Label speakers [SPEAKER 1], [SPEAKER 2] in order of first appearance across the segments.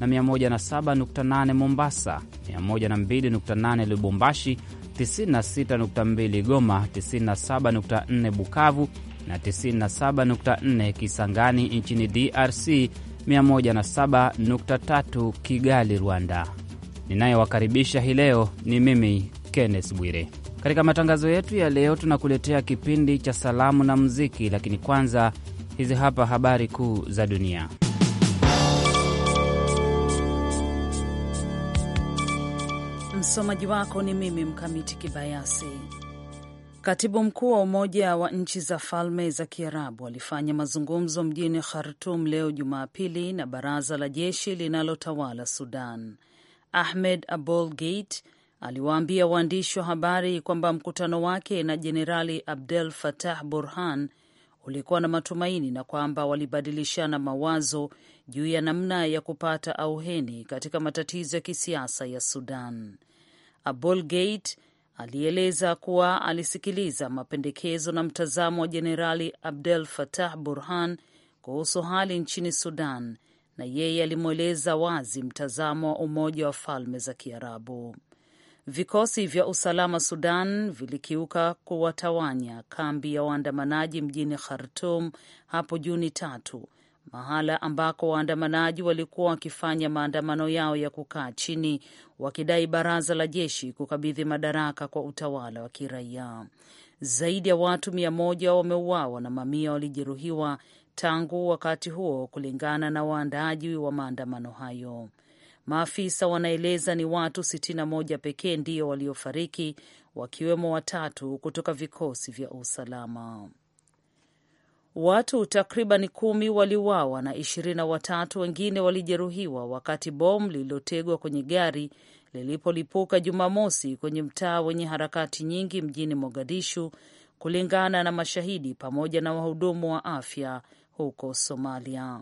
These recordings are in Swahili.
[SPEAKER 1] na 107.8 Mombasa, 102.8 Lubumbashi, 96.2 Goma, 97.4 Bukavu na 97.4 Kisangani nchini DRC, 107.3 Kigali, Rwanda. Ninayewakaribisha hii leo ni mimi Kenneth Bwire. Katika matangazo yetu ya leo tunakuletea kipindi cha salamu na muziki, lakini kwanza hizi hapa habari kuu za dunia.
[SPEAKER 2] Msomaji wako ni mimi Mkamiti Kibayasi. Katibu mkuu wa Umoja wa Nchi za Falme za Kiarabu alifanya mazungumzo mjini Khartum leo Jumapili na baraza la jeshi linalotawala Sudan. Ahmed Abol Gate aliwaambia waandishi wa habari kwamba mkutano wake na Jenerali Abdel Fattah Burhan ulikuwa na matumaini na kwamba walibadilishana mawazo juu ya namna ya kupata auheni katika matatizo ya kisiasa ya Sudan. Abolgate alieleza kuwa alisikiliza mapendekezo na mtazamo wa Jenerali Abdel Fattah Burhan kuhusu hali nchini Sudan, na yeye alimweleza wazi mtazamo wa Umoja wa Falme za Kiarabu. Vikosi vya usalama Sudan vilikiuka kuwatawanya kambi ya waandamanaji mjini Khartum hapo Juni tatu mahala ambako waandamanaji walikuwa wakifanya maandamano yao ya kukaa chini wakidai baraza la jeshi kukabidhi madaraka kwa utawala wa kiraia. Zaidi ya watu mia moja wameuawa na mamia walijeruhiwa tangu wakati huo, kulingana na waandaaji wa maandamano hayo. Maafisa wanaeleza ni watu 61 pekee ndio waliofariki, wakiwemo watatu kutoka vikosi vya usalama. Watu takriban kumi waliuawa na ishirini na watatu wengine walijeruhiwa wakati bomu lililotegwa kwenye gari lilipolipuka Jumamosi kwenye mtaa wenye harakati nyingi mjini Mogadishu, kulingana na mashahidi pamoja na wahudumu wa afya huko Somalia.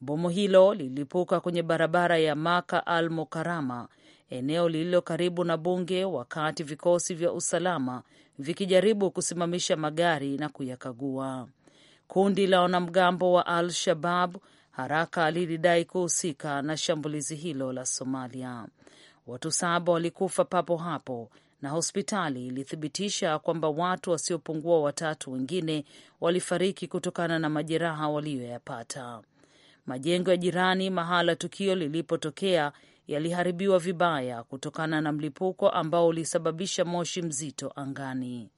[SPEAKER 2] Bomu hilo lilipuka kwenye barabara ya Maka al Mukarama, eneo lililo karibu na bunge, wakati vikosi vya usalama vikijaribu kusimamisha magari na kuyakagua. Kundi la wanamgambo wa Al Shabab haraka lilidai kuhusika na shambulizi hilo la Somalia. Watu saba walikufa papo hapo na hospitali ilithibitisha kwamba watu wasiopungua watatu wengine walifariki kutokana na majeraha waliyoyapata. Majengo ya jirani mahala tukio lilipotokea yaliharibiwa vibaya kutokana na mlipuko ambao ulisababisha moshi mzito angani.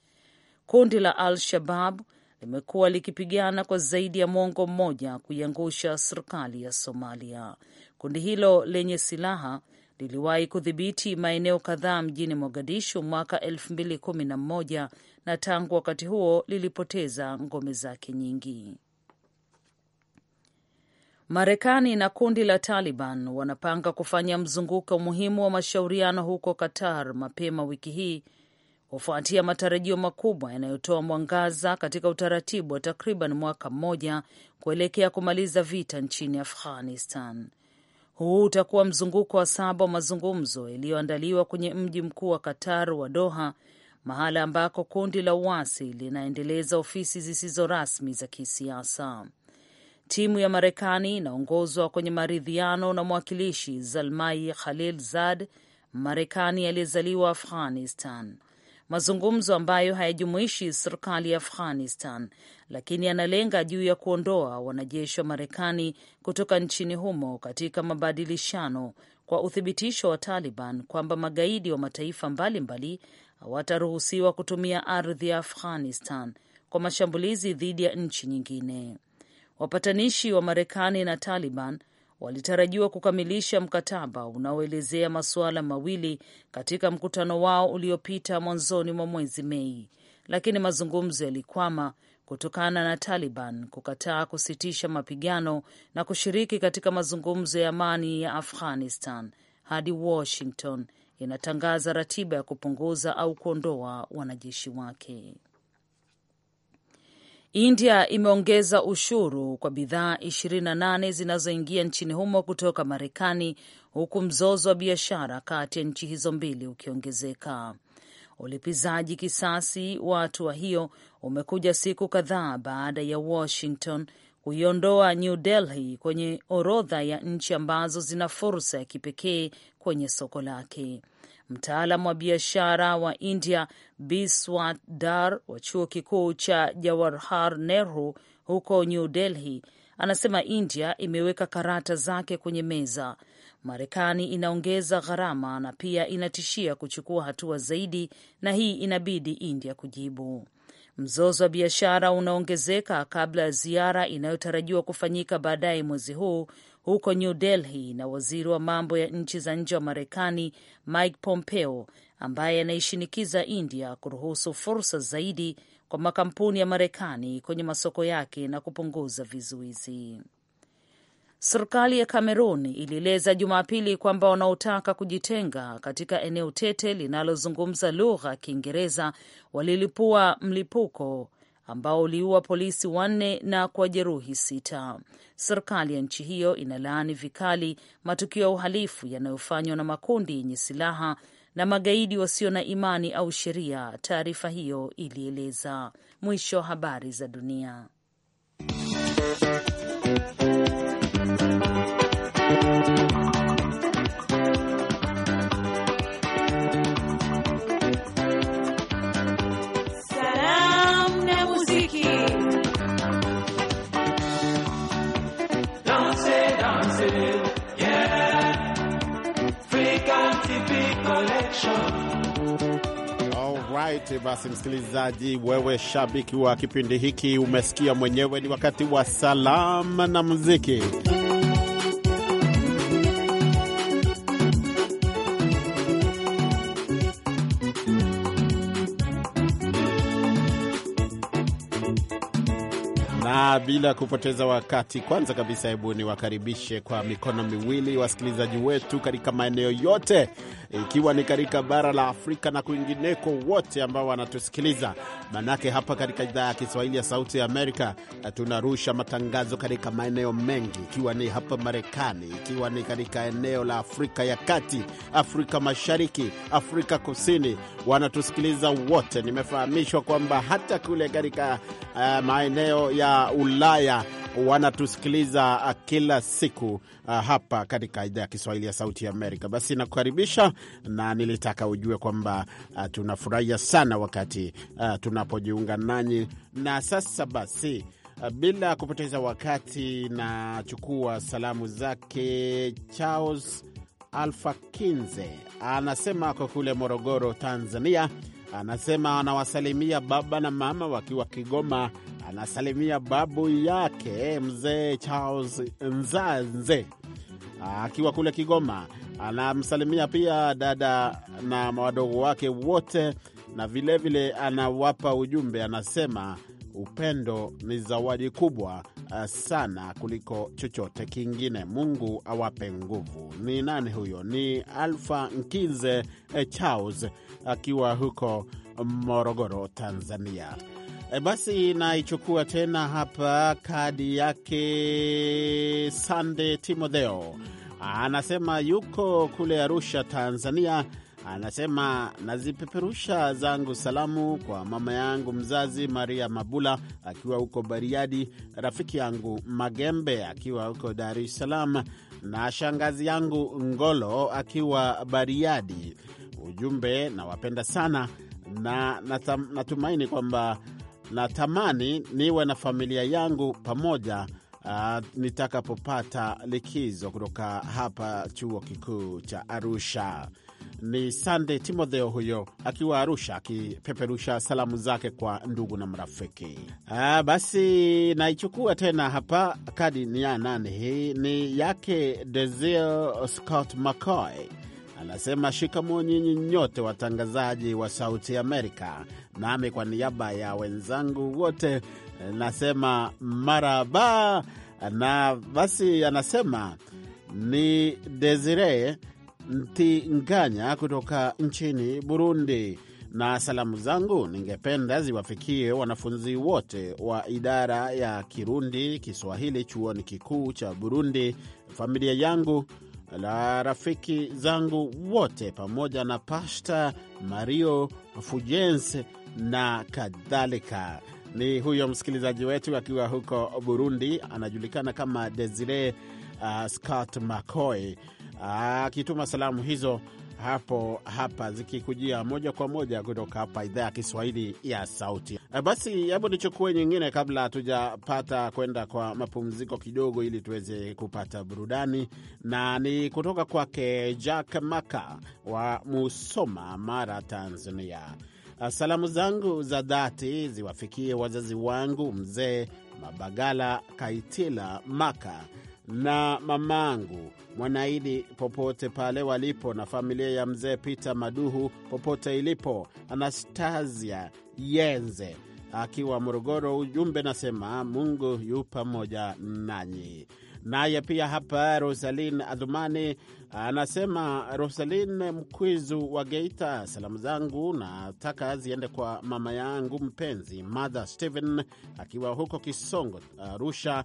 [SPEAKER 2] Kundi la Al Shabab limekuwa likipigana kwa zaidi ya mwongo mmoja kuiangusha serikali ya Somalia. Kundi hilo lenye silaha liliwahi kudhibiti maeneo kadhaa mjini Mogadishu mwaka 2011 na tangu wakati huo lilipoteza ngome zake nyingi. Marekani na kundi la Taliban wanapanga kufanya mzunguko muhimu wa mashauriano huko Qatar mapema wiki hii kufuatia matarajio makubwa yanayotoa mwangaza katika utaratibu wa takriban mwaka mmoja kuelekea kumaliza vita nchini Afghanistan. Huu utakuwa mzunguko wa saba wa mazungumzo yaliyoandaliwa kwenye mji mkuu wa Qatar wa Doha, mahala ambako kundi la uasi linaendeleza ofisi zisizo rasmi za kisiasa. Timu ya Marekani inaongozwa kwenye maridhiano na mwakilishi Zalmai khalil zad Marekani aliyezaliwa Afghanistan mazungumzo ambayo hayajumuishi serikali ya Afghanistan, lakini yanalenga juu ya kuondoa wanajeshi wa Marekani kutoka nchini humo katika mabadilishano kwa uthibitisho wa Taliban kwamba magaidi wa mataifa mbalimbali hawataruhusiwa kutumia ardhi ya Afghanistan kwa mashambulizi dhidi ya nchi nyingine. Wapatanishi wa Marekani na Taliban walitarajiwa kukamilisha mkataba unaoelezea masuala mawili katika mkutano wao uliopita mwanzoni mwa mwezi Mei, lakini mazungumzo yalikwama kutokana na Taliban kukataa kusitisha mapigano na kushiriki katika mazungumzo ya amani ya Afghanistan hadi Washington inatangaza ratiba ya kupunguza au kuondoa wanajeshi wake. India imeongeza ushuru kwa bidhaa 28 zinazoingia nchini humo kutoka Marekani, huku mzozo wa biashara kati ya nchi hizo mbili ukiongezeka. Ulipizaji kisasi wa hatua hiyo umekuja siku kadhaa baada ya Washington kuiondoa New Delhi kwenye orodha ya nchi ambazo zina fursa ya kipekee kwenye soko lake mtaalam wa biashara wa India biswadar Dar wa chuo kikuu cha jawarhar Nehru huko New Delhi anasema India imeweka karata zake kwenye meza. Marekani inaongeza gharama na pia inatishia kuchukua hatua zaidi, na hii inabidi India kujibu. Mzozo wa biashara unaongezeka kabla ya ziara inayotarajiwa kufanyika baadaye mwezi huu huko New Delhi na waziri wa mambo ya nchi za nje wa Marekani Mike Pompeo, ambaye anaishinikiza India kuruhusu fursa zaidi kwa makampuni ya Marekani kwenye masoko yake na kupunguza vizuizi. Serikali ya Cameroon ilieleza Jumapili kwamba wanaotaka kujitenga katika eneo tete linalozungumza lugha ya Kiingereza walilipua mlipuko ambao uliua polisi wanne na kuwajeruhi sita. Serikali ya nchi hiyo inalaani vikali matukio ya uhalifu yanayofanywa na makundi yenye silaha na magaidi wasio na imani au sheria, taarifa hiyo ilieleza. Mwisho wa habari za dunia.
[SPEAKER 3] right, basi msikilizaji, wewe shabiki wa kipindi hiki, umesikia mwenyewe, ni wakati wa salamu na muziki. na ah, bila kupoteza wakati, kwanza kabisa, hebu niwakaribishe kwa mikono miwili wasikilizaji wetu katika maeneo yote, ikiwa ni katika bara la Afrika na kwingineko, wote ambao wanatusikiliza. Manake hapa katika idhaa ya Kiswahili ya Sauti ya Amerika tunarusha matangazo katika maeneo mengi, ikiwa ni hapa Marekani, ikiwa ni katika eneo la Afrika ya Kati, Afrika Mashariki, Afrika Kusini, wanatusikiliza wote. Nimefahamishwa kwamba hata kule katika uh, maeneo ya Ulaya wanatusikiliza uh, kila siku uh, hapa katika idhaa ya Kiswahili ya Sauti ya Amerika. Basi nakukaribisha, na nilitaka ujue kwamba uh, tunafurahia sana wakati tunapojiunga nanyi. Na sasa basi, bila kupoteza wakati, nachukua salamu zake Charles Alfa Kinze, anasema ako kule Morogoro, Tanzania. Anasema anawasalimia baba na mama wakiwa Kigoma anasalimia babu yake mzee Charles Nzanze akiwa kule Kigoma. Anamsalimia pia dada na wadogo wake wote, na vilevile vile anawapa ujumbe, anasema upendo ni zawadi kubwa eh, sana kuliko chochote kingine. Mungu awape nguvu. Ni nani huyo? Ni Alfa Nkize eh, Charles akiwa huko Morogoro, Tanzania. E, basi naichukua tena hapa kadi yake. Sande Timotheo anasema yuko kule Arusha, Tanzania. Anasema nazipeperusha zangu salamu kwa mama yangu mzazi Maria Mabula akiwa huko Bariadi, rafiki yangu Magembe akiwa huko Dar es Salaam na shangazi yangu Ngolo akiwa Bariadi. Ujumbe, nawapenda sana na natumaini kwamba na tamani niwe na familia yangu pamoja Uh, nitakapopata likizo kutoka hapa chuo kikuu cha Arusha. Ni Sunday Timotheo huyo akiwa Arusha akipeperusha salamu zake kwa ndugu na mrafiki. Uh, ah, basi naichukua tena hapa kadi ni ya nani hii, ni yake Desil Scott McCoy anasema shikamoo nyinyi nyote watangazaji wa Sauti Amerika, nami kwa niaba ya wenzangu wote eh, nasema maraba. Na basi anasema ni Desire Ntinganya kutoka nchini Burundi, na salamu zangu ningependa ziwafikie wanafunzi wote wa idara ya Kirundi Kiswahili chuoni kikuu cha Burundi, familia yangu la rafiki zangu wote pamoja na Pasta Mario Fujense na kadhalika. Ni huyo msikilizaji wetu akiwa huko Burundi, anajulikana kama Desire uh, Scott Macoy akituma uh, salamu hizo hapo hapa zikikujia moja kwa moja kutoka hapa idhaa ya Kiswahili ya Sauti. E, basi hebu nichukue nyingine kabla hatujapata kwenda kwa mapumziko kidogo, ili tuweze kupata burudani, na ni kutoka kwake Jack Maka wa Musoma, Mara, Tanzania. E, salamu zangu za dhati ziwafikie wazazi wangu, mzee Mabagala Kaitila Maka na mamangu Mwanaidi popote pale walipo, na familia ya mzee Peter Maduhu popote ilipo, Anastasia Yenze akiwa Morogoro. Ujumbe nasema Mungu yu pamoja nanyi. Naye pia hapa Rosalin Adhumani anasema, Rosalin Mkwizu wa Geita, salamu zangu nataka ziende kwa mama yangu mpenzi Mother Stephen akiwa huko Kisongo Arusha,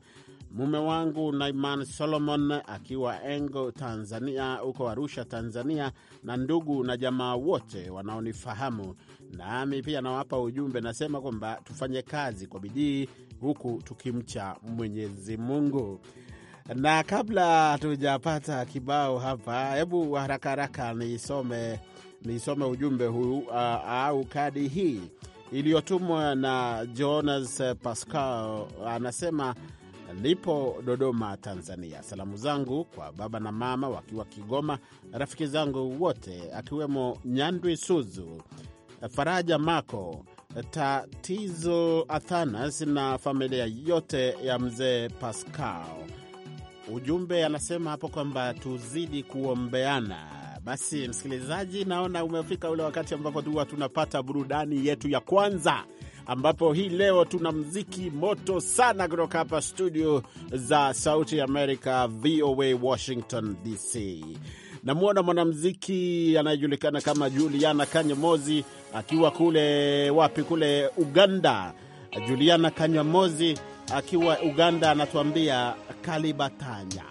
[SPEAKER 3] mume wangu Naiman Solomon akiwa Engo, Tanzania, huko Arusha, Tanzania, na ndugu na jamaa wote wanaonifahamu. Nami pia nawapa ujumbe, nasema kwamba tufanye kazi kwa bidii huku tukimcha Mwenyezi Mungu. Na kabla hatujapata kibao hapa, hebu haraka haraka nisome nisome ujumbe huu uh, au kadi hii iliyotumwa na Jonas Pascal, anasema uh, lipo Dodoma, Tanzania. Salamu zangu kwa baba na mama wakiwa Kigoma, rafiki zangu wote akiwemo Nyandwi Suzu, Faraja Mako, Tatizo Athanas na familia yote ya mzee Pascal. Ujumbe anasema hapo kwamba tuzidi kuombeana. Basi msikilizaji, naona umefika ule wakati ambapo huwa tunapata burudani yetu ya kwanza ambapo hii leo tuna mziki moto sana kutoka hapa studio za Sauti Amerika, VOA Washington DC. Namwona mwanamziki anayejulikana kama Juliana Kanyamozi akiwa kule wapi, kule Uganda. Juliana Kanyamozi akiwa Uganda anatuambia kalibatanya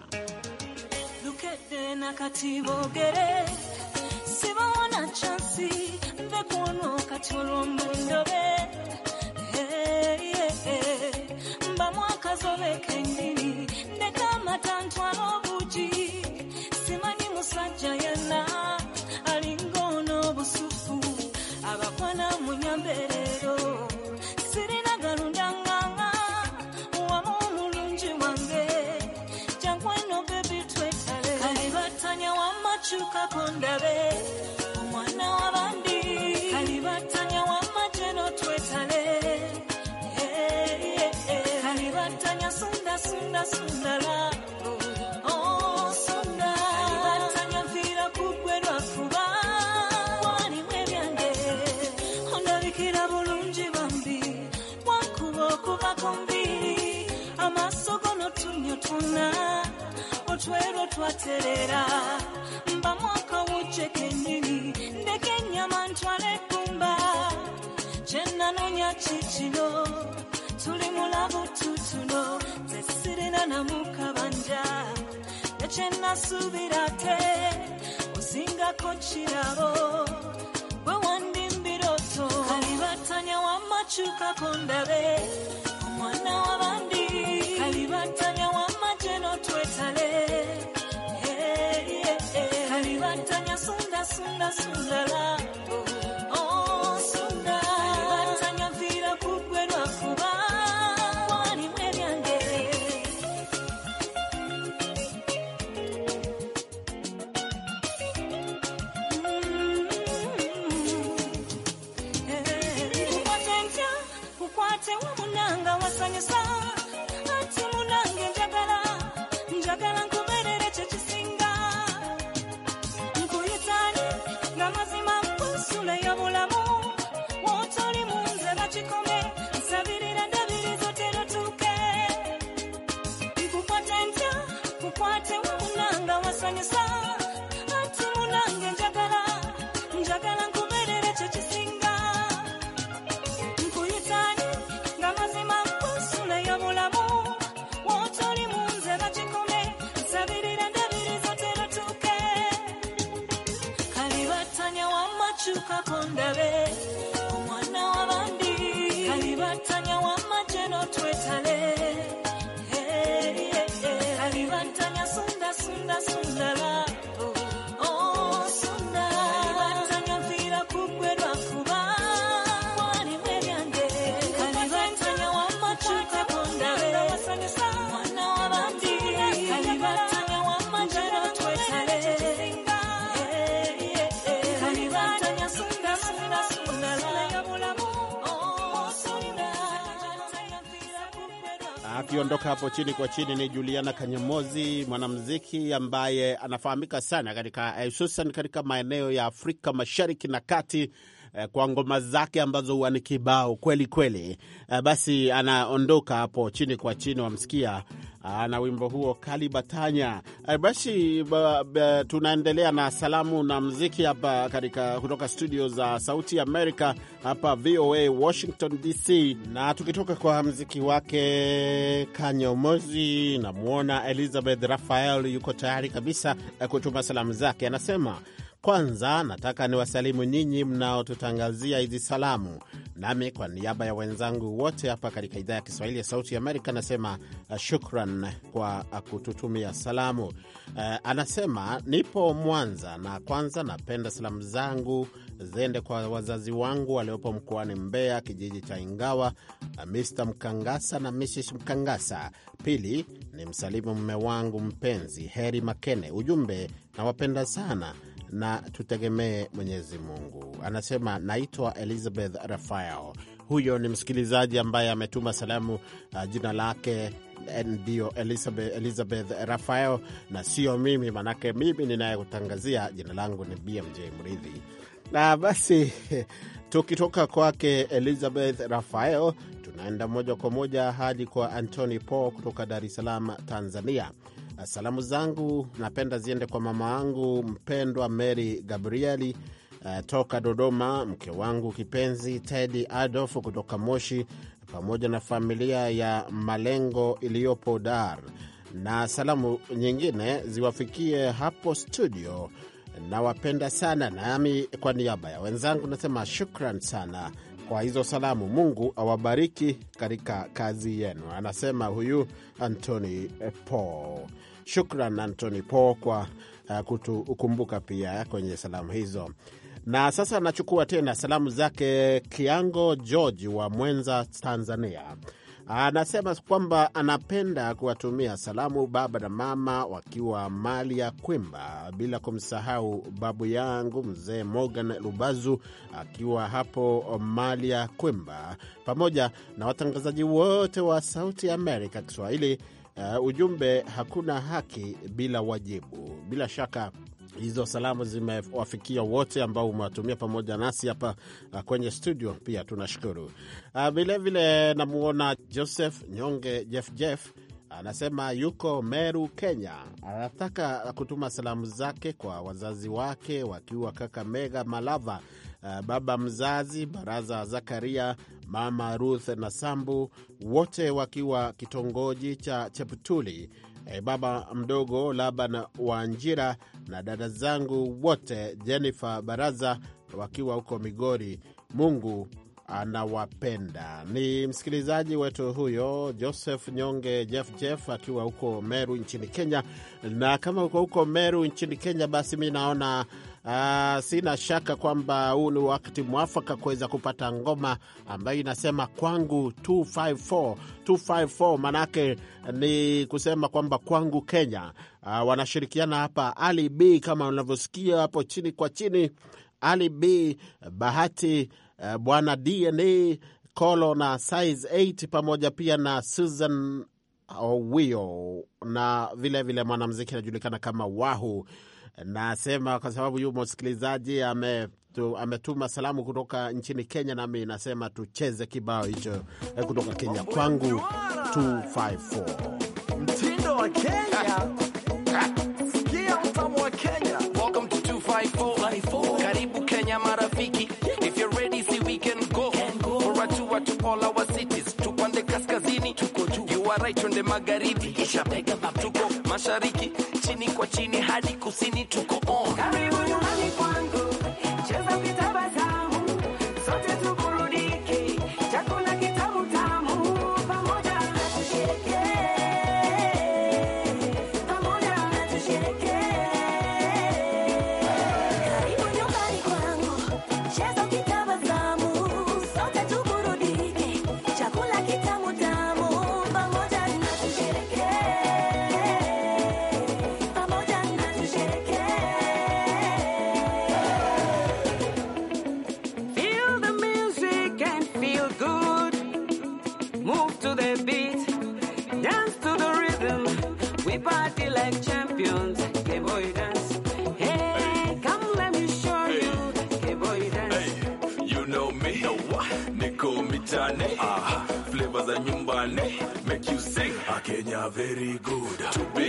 [SPEAKER 4] baterera mba mwaka wuce kenyini ntwale kumba tuli mulabu tutuno na osingako gwe wandimbiroto kalibatanya omwana wabandi kalibatanya wamajeno twetale Sunda Sunda, la.
[SPEAKER 3] tukiondoka hapo chini kwa chini ni Juliana Kanyamozi, mwanamuziki ambaye anafahamika sana eh, hususan katika, katika maeneo ya Afrika Mashariki na Kati Eh, kwa ngoma zake ambazo huwa ni kibao kweli kweli. Eh, basi anaondoka hapo chini kwa chini, wamsikia ah, na wimbo huo kali batanya. Eh, basi tunaendelea na salamu na mziki hapa katika kutoka studio za Sauti Amerika hapa VOA Washington DC, na tukitoka kwa mziki wake Kanyomozi, namwona Elizabeth Rafael yuko tayari kabisa kutuma salamu zake, anasema kwanza nataka niwasalimu nyinyi mnaotutangazia hizi salamu, nami kwa niaba ya wenzangu wote hapa katika idhaa ya Kiswahili ya Sauti ya Amerika nasema uh, shukran kwa uh, kututumia salamu. Uh, anasema nipo Mwanza na kwanza napenda salamu zangu ziende kwa wazazi wangu waliopo mkoani Mbeya, kijiji cha Ingawa, uh, Mr Mkangasa na Mrs Mkangasa. Pili ni msalimu mme wangu mpenzi Heri Makene. Ujumbe nawapenda sana na tutegemee Mwenyezi Mungu. Anasema naitwa Elizabeth Rafael. Huyo ni msikilizaji ambaye ametuma salamu. Uh, jina lake eh, ndio Elizabeth, Elizabeth Rafael na sio mimi, manake mimi ninayekutangazia jina langu ni BMJ Mridhi. Na basi tukitoka kwake Elizabeth Rafael tunaenda moja kwa moja hadi kwa Antony Paul kutoka Dar es Salaam, Tanzania. Salamu zangu napenda ziende kwa mama wangu mpendwa Mary Gabrieli eh, toka Dodoma, mke wangu kipenzi Tedi Adolf kutoka Moshi, pamoja na familia ya Malengo iliyopo Dar, na salamu nyingine ziwafikie hapo studio. Nawapenda sana, nami kwa niaba ya wenzangu nasema shukran sana kwa hizo salamu. Mungu awabariki katika kazi yenu, anasema huyu antony Paul. Shukran antony Paul kwa uh, kutukumbuka pia kwenye salamu hizo. Na sasa anachukua tena salamu zake Kiango George wa Mwenza, Tanzania anasema kwamba anapenda kuwatumia salamu baba na mama wakiwa mali ya Kwimba, bila kumsahau babu yangu mzee Morgan Lubazu akiwa hapo mali ya Kwimba, pamoja na watangazaji wote wa Sauti Amerika Kiswahili. Uh, ujumbe hakuna haki bila wajibu. Bila shaka Hizo salamu zimewafikia wote ambao umewatumia pamoja nasi hapa uh, kwenye studio. Pia tunashukuru uh, vilevile. Namwona Joseph Nyonge Jeff Jeff anasema yuko Meru, Kenya. Anataka kutuma salamu zake kwa wazazi wake wakiwa Kakamega, Malava, uh, baba mzazi Baraza Zakaria, mama Ruth na Sambu, wote wakiwa kitongoji cha Cheptuli e, baba mdogo na Wanjira na dada zangu wote Jennifer Baraza wakiwa huko Migori. Mungu anawapenda. Ni msikilizaji wetu huyo Joseph Nyonge Jeff Jeff akiwa huko Meru nchini Kenya. Na kama uko huko Meru nchini Kenya, basi mi naona Aa, ah, sina shaka kwamba huu ni wakati mwafaka kuweza kupata ngoma ambayo inasema kwangu 254 254, manake ni kusema kwamba kwangu Kenya. Aa, ah, wanashirikiana hapa Ali B kama unavyosikia hapo chini kwa chini, Ali B, Bahati, eh, Bwana DNA Kolo na Size 8 pamoja pia na Susan Owio na vilevile mwanamziki anajulikana kama Wahu. Nasema kwa sababu yu msikilizaji ametuma salamu kutoka nchini Kenya, nami nasema tucheze kibao hicho eh, kutoka Kenya kwangu 254
[SPEAKER 4] mtindo wa
[SPEAKER 1] Kenya. Karibu Kenya marafiki. If you're ready, see we can go. Can go wa right twende magharibi, kisha bega tuko mashariki, chini kwa chini hadi kusini tuko on. Karibu nyumbani
[SPEAKER 4] kwangu, cheza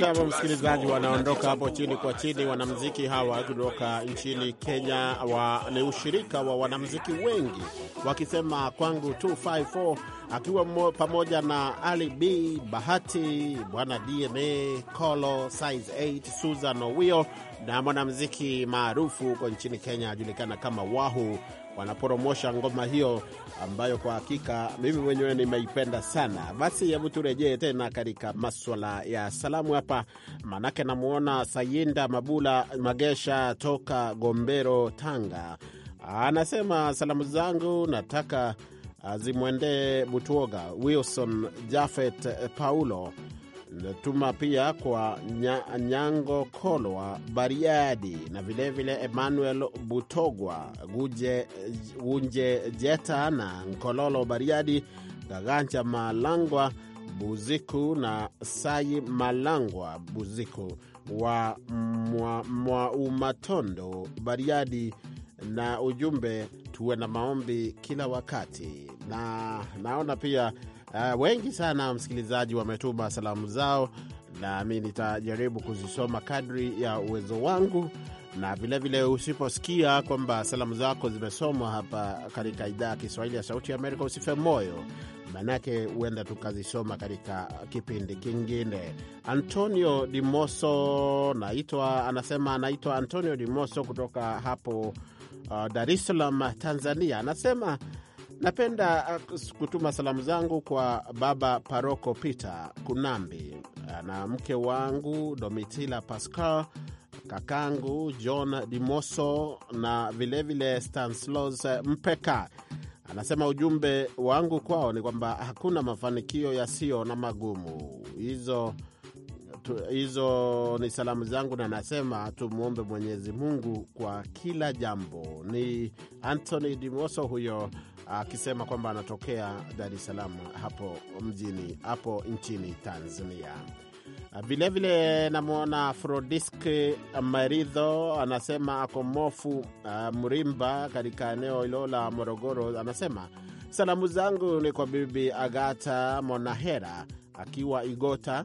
[SPEAKER 3] Hapo msikilizaji, wanaondoka hapo chini kwa chini. Wanamziki hawa kutoka nchini Kenya ni ushirika wa wanamziki wengi, wakisema kwangu 254 akiwa pamoja na Ali B, Bahati, Bwana DMA, Kolo, Size 8, Susan Owio na mwanamziki maarufu huko nchini Kenya ajulikana kama Wahu wanaporomosha ngoma hiyo ambayo kwa hakika mimi mwenyewe nimeipenda sana. Basi hebu turejee tena katika maswala ya salamu hapa, maanake namwona Sayinda Mabula Magesha toka Gombero, Tanga, anasema salamu zangu nataka ah, zimwendee Butuoga Wilson, Jafet Paulo Natuma pia kwa Nya, Nyango Kolwa Bariadi na vilevile vile Emmanuel Butogwa Guje, Gunje Jeta na Nkololo Bariadi, Gagancha Malangwa Buziku na Sai Malangwa Buziku wa Mwaumatondo mwa Bariadi, na ujumbe tuwe na maombi kila wakati, na naona pia Uh, wengi sana msikilizaji wametuma salamu zao, na mi nitajaribu kuzisoma kadri ya uwezo wangu, na vilevile usiposikia kwamba salamu zako zimesomwa hapa katika idhaa ya Kiswahili ya Sauti ya Amerika, usife moyo, manake huenda tukazisoma katika kipindi kingine. Antonio Dimoso naitwa, anasema anaitwa Antonio Dimoso kutoka hapo uh, Dar es Salaam, Tanzania, anasema Napenda uh, kutuma salamu zangu kwa baba paroko Peter Kunambi uh, na mke wangu Domitila Pascal, kakangu John Dimoso na vilevile Stanislaus Mpeka. Anasema ujumbe wangu kwao ni kwamba hakuna mafanikio yasiyo na magumu. Hizo hizo ni salamu zangu, na nasema tumwombe Mwenyezi Mungu kwa kila jambo. Ni Anthony Dimoso huyo akisema kwamba anatokea Dar es Salaam hapo mjini hapo nchini Tanzania. Vilevile namwona Frodiski Maridho anasema ako Mofu uh, Mrimba katika eneo hilo la Morogoro. Anasema salamu zangu ni kwa bibi Agata Monahera akiwa Igota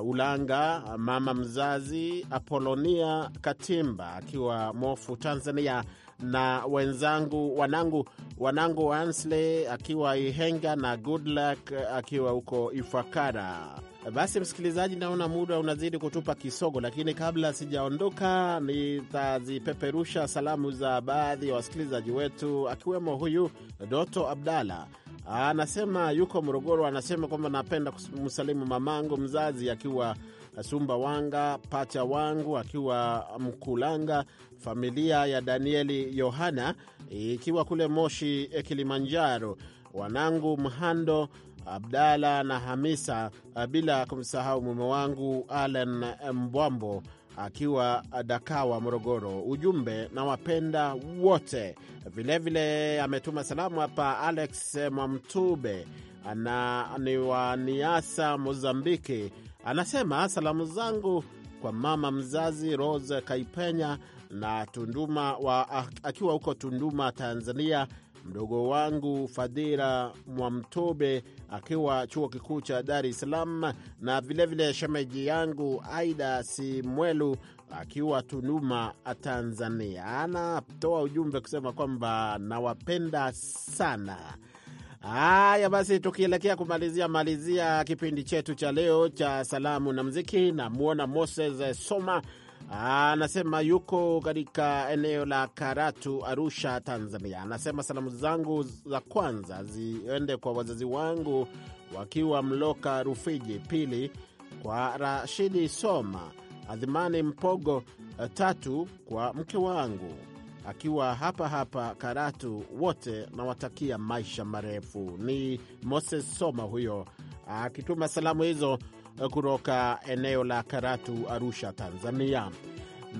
[SPEAKER 3] uh, Ulanga, mama mzazi Apolonia Katimba akiwa Mofu Tanzania, na wenzangu wanangu wanangu Ansley akiwa Ihenga na Goodluck eh, akiwa huko Ifakara. Basi msikilizaji, naona muda unazidi kutupa kisogo, lakini kabla sijaondoka, nitazipeperusha salamu za baadhi ya wasikilizaji wetu, akiwemo huyu Doto Abdala anasema yuko Morogoro, anasema kwamba napenda kumsalimu mamangu mzazi akiwa Sumba Wanga Pacha Wangu akiwa Mkulanga, familia ya Danieli Yohana ikiwa kule Moshi, eh, Kilimanjaro, wanangu Mhando Abdala na Hamisa, eh, bila kumsahau mume wangu alen eh, Mbwambo akiwa Dakawa, Morogoro. Ujumbe na wapenda wote. Vilevile ametuma salamu hapa Alex Mwamtube na ni wa Niasa, Mozambiki Anasema salamu zangu kwa mama mzazi Rose Kaipenya na Tunduma wa, akiwa huko Tunduma Tanzania, mdogo wangu Fadhira Mwamtobe akiwa chuo kikuu cha Dar es Salaam, na vilevile shemeji yangu Aida Simwelu akiwa Tunduma Tanzania. Anatoa ujumbe kusema kwamba nawapenda sana. Haya basi, tukielekea kumalizia malizia kipindi chetu cha leo cha salamu na mziki, namwona Moses Soma anasema yuko katika eneo la Karatu, Arusha, Tanzania. Anasema salamu zangu za kwanza ziende kwa wazazi wangu wakiwa Mloka Rufiji, pili kwa Rashidi Soma Adhimani Mpogo, tatu kwa mke wangu akiwa hapa hapa Karatu. Wote nawatakia maisha marefu. Ni Moses Soma huyo akituma salamu hizo kutoka eneo la Karatu, Arusha, Tanzania.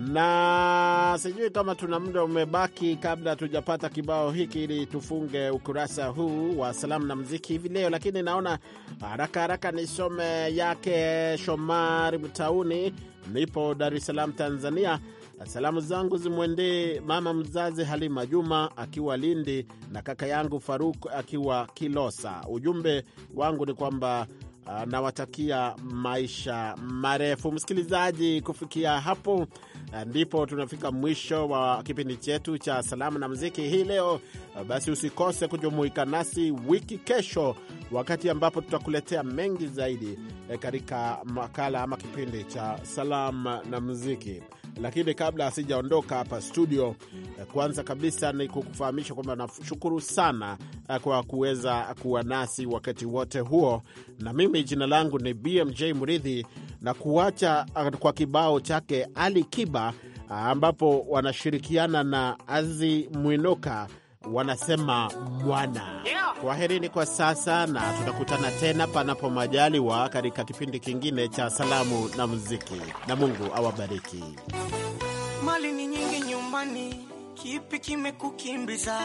[SPEAKER 3] Na sijui kama tuna muda umebaki kabla tujapata kibao hiki ili tufunge ukurasa huu wa salamu na muziki hivi leo, lakini naona haraka haraka nisome yake Shomari Mtauni, nipo Dar es Salaam, Tanzania. Salamu zangu zimwendee mama mzazi Halima Juma akiwa Lindi na kaka yangu Faruk akiwa Kilosa. Ujumbe wangu ni kwamba uh, nawatakia maisha marefu. Msikilizaji, kufikia hapo uh, ndipo tunafika mwisho wa kipindi chetu cha salamu na muziki hii leo. Uh, basi usikose kujumuika nasi wiki kesho, wakati ambapo tutakuletea mengi zaidi eh, katika makala ama kipindi cha salamu na muziki. Lakini kabla asijaondoka hapa studio, eh, kwanza kabisa ni kukufahamisha kwamba nashukuru sana eh, kwa kuweza kuwa nasi wakati wote huo, na mimi jina langu ni BMJ Mridhi, na kuacha eh, kwa kibao chake Ali Kiba ambapo wanashirikiana na Azi Mwinoka wanasema bwana, kwaherini kwa sasa, na tutakutana tena panapo majaliwa katika kipindi kingine cha salamu na muziki, na Mungu awabariki.
[SPEAKER 4] Mali ni nyingi nyumbani, kipi kimekukimbiza?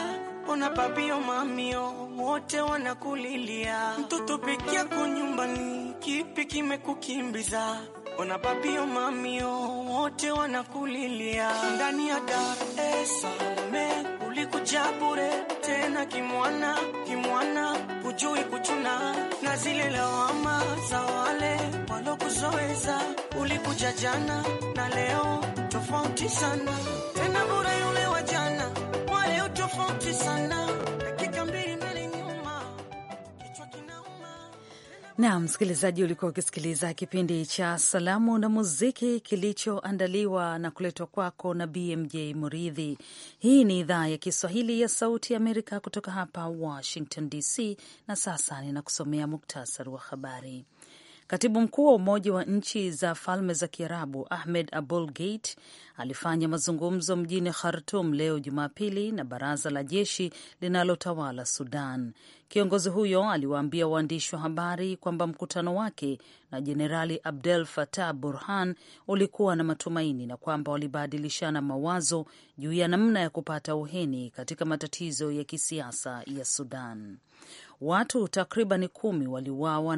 [SPEAKER 4] Ona babio mamio wote wanakulilia, mtoto peke yako nyumbani, kipi kimekukimbiza? Ona babio mamio wote wanakulilia ndani ya Dar es Salaam ulikuja bure tena kimwana kimwana, hujui kuchuna na zile lawama za wale walokuzoeza. Ulikuja jana na leo tofauti sana, tena bure yule wa jana, wa leo tofauti sana
[SPEAKER 2] Na msikilizaji, ulikuwa ukisikiliza kipindi cha salamu na muziki kilichoandaliwa na kuletwa kwako na BMJ Muridhi. Hii ni idhaa ya Kiswahili ya Sauti ya Amerika kutoka hapa Washington DC, na sasa ninakusomea muktasari wa habari. Katibu mkuu wa Umoja wa Nchi za Falme za Kiarabu Ahmed Abul Gate alifanya mazungumzo mjini Khartum leo Jumapili na baraza la jeshi linalotawala Sudan. Kiongozi huyo aliwaambia waandishi wa habari kwamba mkutano wake na Jenerali Abdel fatah Burhan ulikuwa na matumaini na kwamba walibadilishana mawazo juu ya namna ya kupata uheni katika matatizo ya kisiasa ya Sudan. Watu takribani kumi waliuawa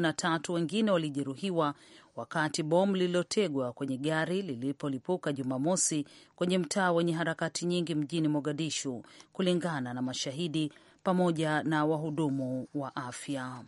[SPEAKER 2] na tatu wengine walijeruhiwa wakati bomu lililotegwa kwenye gari lilipolipuka Jumamosi kwenye mtaa wenye harakati nyingi mjini Mogadishu, kulingana na mashahidi pamoja na wahudumu wa afya.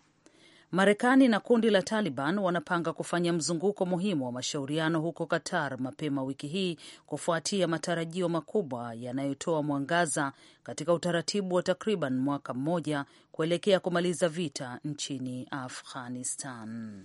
[SPEAKER 2] Marekani na kundi la Taliban wanapanga kufanya mzunguko muhimu wa mashauriano huko Qatar mapema wiki hii kufuatia matarajio makubwa yanayotoa mwangaza katika utaratibu wa takriban mwaka mmoja kuelekea kumaliza vita nchini Afghanistan.